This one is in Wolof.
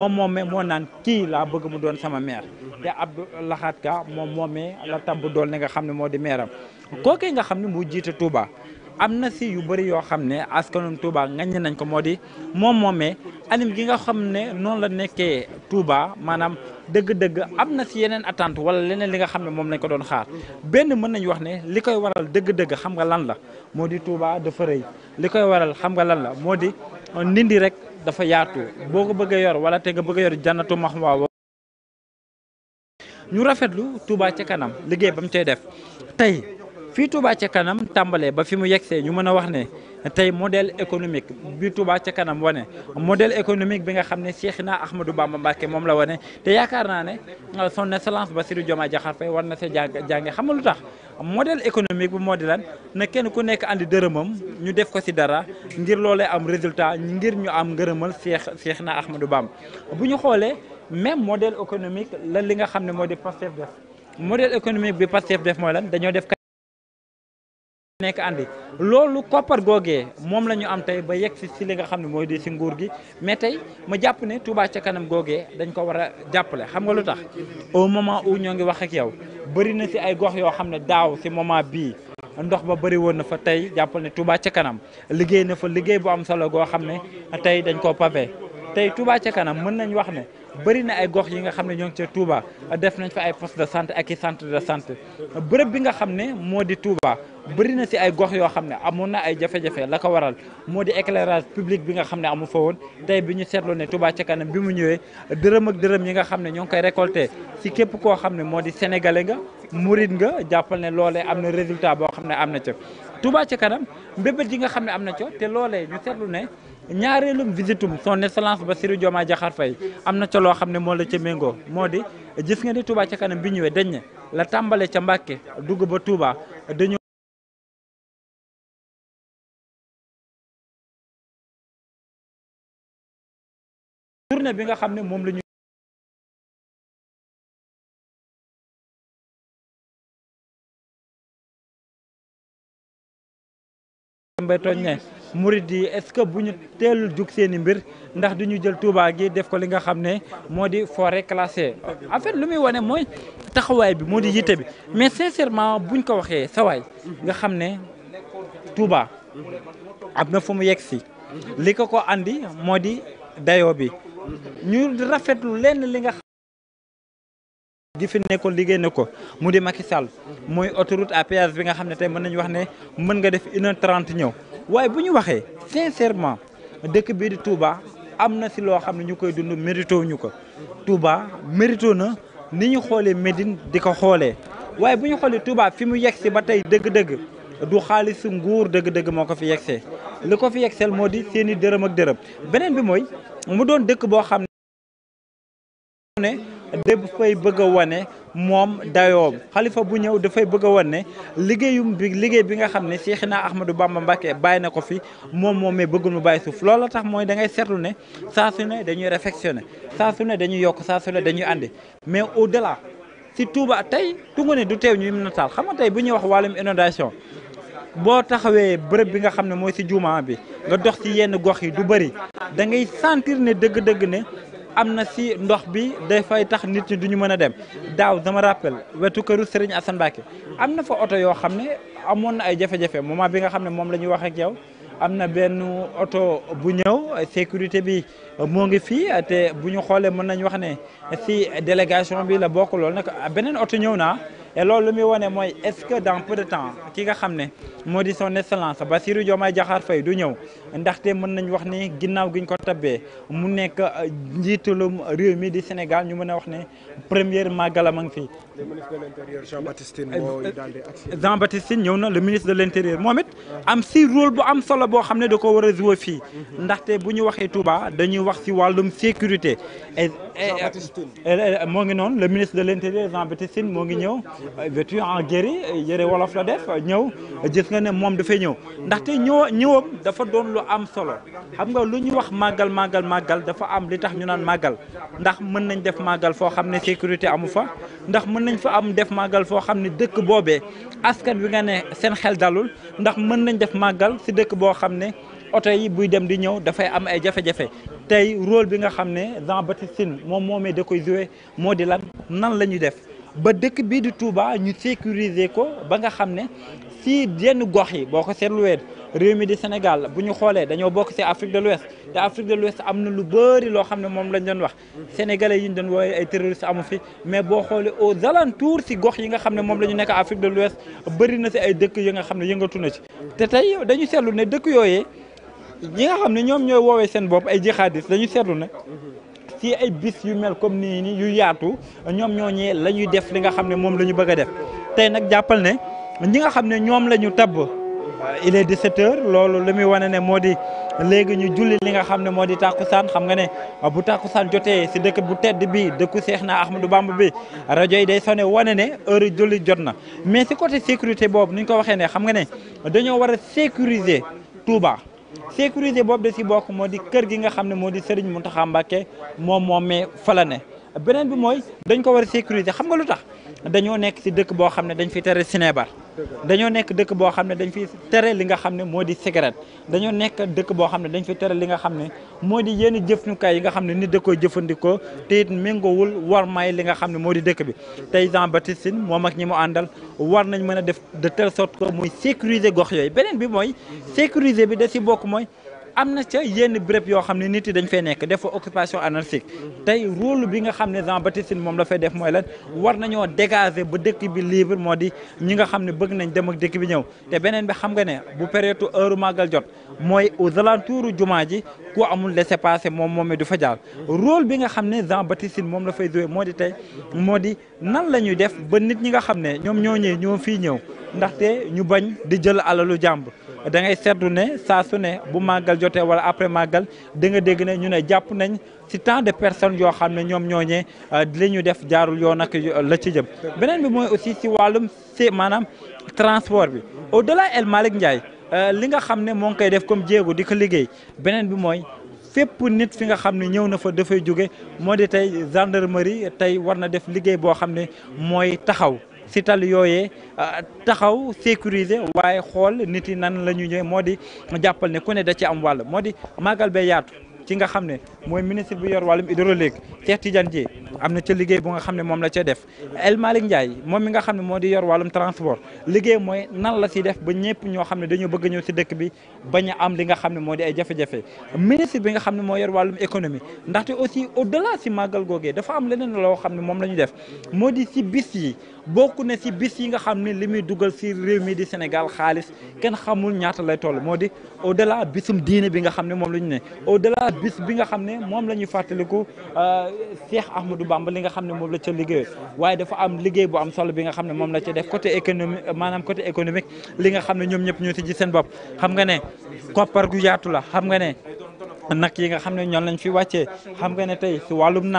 moom moomee moo naan kii laa bëgg mu doon sama maire te Abdou Lahat Ka moom moomee la tabb dool ne nga xam ne moo di maire am kookee nga xam ne mu jiite Touba am na ci yu bëri yoo xam ne askanum Touba ngañ nañ ko moo di moom moomee anim gi nga xam ne noonu la nekkee Touba maanaam dëgg-dëgg am na si yeneen attente wala leneen li nga xam ne moom lañ ko doon xaar benn mën nañu wax ne li koy waral dëgg-dëgg xam nga lan la moo di Touba dafa rëy li koy waral xam nga lan la moo di uh, nindi rek dafa yaatu boo ko bëggee yor wala te bëgg a yor jannatu maxwaa ñu rafetlu Touba ca kanam liggéey ba mu tey def tey fii Touba ca kanam tàmbalee ba fi mu yegsee ñu mën a wax ne tey modèle économique bi Touba ca kanam wane modèle économique bi nga xam ne Cheikhna Ahmadou Bamba Mbacké moom la wane te yaakaar naa ne son excellence Bassirou Diomaye Diakhar Faye war na see jàng jànge xam lu tax modèle économique bu moo di lan na kenn ku nekk andi dërëmam ñu def ko ci dara ngir loolee am résultat ngir ñu am ngërëmal Seex Seex na Ahmadou Bamba bu ñu xoolee même modèle économique la li nga xam ne moo di Pastef def modèle économique bi Pastef def mooy lan dañoo def nekk andi loolu koppar googee moom la ñu am tey ba yeg si si li nga xam ne mooy di si nguur gi mais tey ma jàpp ne Touba ca kanam googee dañ ko war a jàppale xam nga lu tax au moment où ñoo ngi wax ak yow bëri na si ay gox yoo xam ne daaw si moment bii ndox ba bëri woon na fa tey jàppal ne Touba ca kanam liggéey na fa liggéey bu am solo goo xam ne tey dañ koo pavé tey Touba ca kanam mën nañ wax ne bëri na ay gox yi nga xam ne ñoo ngi ca Touba def nañ fa ay poste de santé ak i centre de santé bërëb bi nga xam ne moo di Touba bëri na si ay gox yoo xam ne amoon na ay jafe-jafe la ko waral moo di éclairage public bi nga xam ne amu fa woon tey bi ñu seetloo ne Touba ca kanam bi mu ñëwee dërëm ak dërëm yi nga xam ne ñoo ngi koy récolté si képp koo xam ne moo di sénégalais nga murit nga jàppal ne loole am na résultat boo xam ne am na ca Touba ca kanam mbébét yi nga xam ne am na ca te loolee ñu seetlu ne ñaareelum visitum son excellence ba Diomaye Diakhar Faye am na ca loo xam ne moo la ca méngoo moo di gis nga ni Touba ca kanam bi ñëwee dañ ne la tàmbale ca Mbàkke dugg ba Touba dañu tournée bi nga xam ne moom la Mbaye Tooñ ne murit yi est-ce que bu ñu teelul jug seen mbir ndax duñu jël Touba gi def ko li nga xam ne moo di forêt classée en fait lu muy wane mooy taxawaay bi moo di yitte bi mais sincèrement buñ ko waxee sawaay nga xam ne Touba am na fu mu yegg si li ko ko andi moo di dayo bi ñu rafetlu lenn li nga di fi nekkoon liggéey na ko mu di Macky Sall mooy autoroute à bi nga xam ne tey mën nañu wax ne mën nga def une heure trente ñëw waaye bu ñu waxee sincèrement dëkk bii di Touba am na si loo xam ne ñu koy dund mérito ñu ko Touba mérito na ni ñu xoolee Médine di ko xoolee waaye bu ñu xoolee Touba fi mu yegg si ba tey dëgg-dëgg du xaalisu nguur dëgg-dëgg moo ko fi yegsee li ko fi yegseel moo di seeni dërëm ak dërëm beneen bi mooy mu doon dëkk boo xam ne dafay bëgg a wane moom dayoom xalifa bu ñëw dafay bëgg a ne liggéeyum bi liggéey bi nga xam ne Seexina Ahmadou Bamba Mbacke bàyyi na ko fi moom moomee bëggul mu bàyyi suuf loola tax mooy da ngay seetlu ne saa su ne dañuy réfectionné saa su ne dañuy yokk saa su ne dañuy àndi mais au delà si Touba tey tungu ne du teew ñuy nataal xam nga tey bu ñuy wax wàllum inondation boo taxawee bërëb bi nga xam ne mooy si juuma bi nga dox ci yenn gox yi du bëri da ne dëgg-dëgg ne am na si ndox bi dafay tax nit ñi duñu mën a dem daaw dama rappel wetu këru Serigne Assane am na fa oto yoo xam ne amoon na ay jafe-jafe bi nga xam ne moom la ñuy wax ak am na benn oto bu ñëw sécurité bi moo ngi fii te bu ñu xoolee mën nañu wax ne si délégation bi la bokk lool nag beneen oto ñëw naa loolu lu muy wane mooy est-ce que dans peu de temps ki nga xam ne moo di son excellence Bassirou Diomaye Diakhar Faye du ñëw ndaxte mën nañ wax ni ginnaaw gi ñu ko tabee mu nekk euh, njiitalum réew mi di Sénégal ñu mën a wax ne première màggala ma ngi fii. le ministre de l'intérieur Jean Baptiste Tine euh, euh, Jean Baptiste ñëw na le ministre de l'intérieur moom it am si rôle bu am solo boo xam ne da ko war a jouer fii ndaxte bu ñu waxee Touba dañuy wax si wàllum sécurité. Eh, eh, eh, moo ngi noonu le ministre de l' intérieur jean moo ngi ñëw vêtu en guéri yëre wolof la def ñëw gis nga ne moom dafay ñëw ndaxte ñëw ñëwam dafa doon lu am solo xam nga lu ñu wax màggal màggal màggal dafa am li tax ñu naan màggal ndax mën nañ def màggal foo xam ne sécurité amu fa ndax mën nañ fa am def màggal foo xam ne dëkk boobee askan wi nga ne seen xel dalul ndax mën nañ def màggal si dëkk boo xam ne oto yi buy dem di ñëw dafay am ay jafe tey role bi nga xam ne Jean Baptiste Tine moom moomee da koy joué moo di lan nan la ñuy def ba dëkk bii di Touba ñu sécuriser ko ba nga xam ne si yenn gox yi boo ko seetluwee réew mi di Sénégal bu ñu xoolee dañoo bokk si Afrique de l'Ouest te Afrique de l'Ouest am na lu bëri loo xam ne moom lañ daan wax sénégalais yi ñu doon woowee ay terroristes amu fi mais boo xoolee aux alentours si gox yi nga xam ne moom la ñu nekk Afrique de l'Ouest bëri na si ay dëkk yi nga xam ne yëngatu na ci te tey dañu seetlu ne dëkk yooyee ñi nga xam ne ñoom ñooy woowee seen bopp ay jihadistes dañu seetlu ne si ay bis yu mel comme nii nii yu yaatu ñoom ñooñee la ñuy def li nga xam ne moom la ñu bëgg a def tey nag jàppal ne ñi nga xam ne ñoom la ñu tabb il est loolu li muy wane ne moo di léegi ñu julli li nga xam ne moo di tàkkusaan xam nga ne bu tàkkusaan jotee si dëkk bu tedd bi dëkku seex naa Ahmadou Bamba bi rajo yi day sone wane ne heure julli jot na mais si côté sécurité boobu ni ko waxee ne xam nga ne dañoo war a sécuriser Touba. sécurité boobu de si bokk moo di kër gi nga xam ne moo di Serigne Mountakha Mbacké moom moom mais fala ne beneen bi mooy dañ ko war a sécurité xam nga lu tax dañoo nekk si dëkk boo xam ne dañ fi tere sinébar dañoo nekk dëkk boo xam ne dañ fi tere li nga xam ne moo di cigarette dañoo nekk dëkk boo xam ne dañ fi tere li nga xam ne moo di yenn jëfnukaay yi nga xam ne nit da koy jëfandikoo te it méngoowul war may li nga xam ne moo di dëkk bi tey Jean Baptiste Tine moom ak ñi mu àndal war nañ mën a def de telle sorte que muy sécuriser gox yooyu beneen bi mooy sécuriser bi da si bokk mooy am na ca yenn béréb yoo xam ne nit yi dañ fay nekk def fa occupation anarchique tey role bi nga xam ne Jean Baptiste moom la fay def mooy lan war nañoo dégager ba dëkk bi libre moo di ñi nga xam ne bëgg nañ dem ak dëkk bi ñëw te beneen bi xam nga ne bu période heure màggal jot mooy aux alentours jumaa ji ku amul laissez-passer moom moom du fa jaar rôle bi nga xam ne Jean Baptiste moom la fay jouer moo di tey moo di nan la ñuy def ba nit ñi nga xam ne ñoom ñoo ñëw ñoo fii ñëw ndaxte ñu bañ di jël alalu jàmbur da ngay seetlu ne saa su ne bu màggal jotee wala après màggal da nga dégg ne ñu ne jàpp nañ si tant de personnes yoo xam ne ñoom ñooñee euh, li ñu def jaarul yoon ak la ci jëm beneen bi mooy aussi si wàllum si maanaam transport bi au delà El Malick euh, li nga xam ne moo ngi koy def comme jéego di ko liggéey beneen bi mooy fépp nit fi nga xam ne ñëw na fa dafay jóge moo di tey gendarmerie tey war na def liggéey boo xam ne mooy taxaw si tali yooyee euh, taxaw sécuriser waaye xool nit yi nan la ñu moo di jàppal ne ku ne da ci am wàll moo di màggal bee yaatu ki nga xam ne mooy ministre bi yor wàllum hydraulique Cheikh Tidiane Dièye am na ca liggéey bu nga xam ne moom la cee def El Malick Ndiaye moom mi nga xam ne moo di yor wàllum transport liggéey mooy nan la si def ba ñëpp ñoo xam ne dañoo bëgg ñëw si dëkk bi bañ am li nga xam ne moo di ay jafe-jafe bi nga xam ne moo yor wàllum économie ndaxte aussi au delà si màggal googee dafa am leneen loo xam ne moom la ñu def moo di si bis yi bokk na si bis yi nga xam ne li muy dugal si réew mi di Sénégal xaalis kenn xamul ñaata lay toll moo di au bisum diine bi nga xam ne moom la ñu ne bis bi nga xam ne moom la ñuy fàttaliku euh, Cheikh Ahmadou Bamba li nga xam ne moom la ca liggéey waaye dafa am liggéey bu am solo bi nga xam ne moom la ca def côté économique li nga xam ne ñoom ñëpp ñoo ci seen bopp xam nga ne koppar gu yaatu la xam nga ne nag yi nga xam ne ñoom lañ fi wàccee xam nga ne tey si wàllum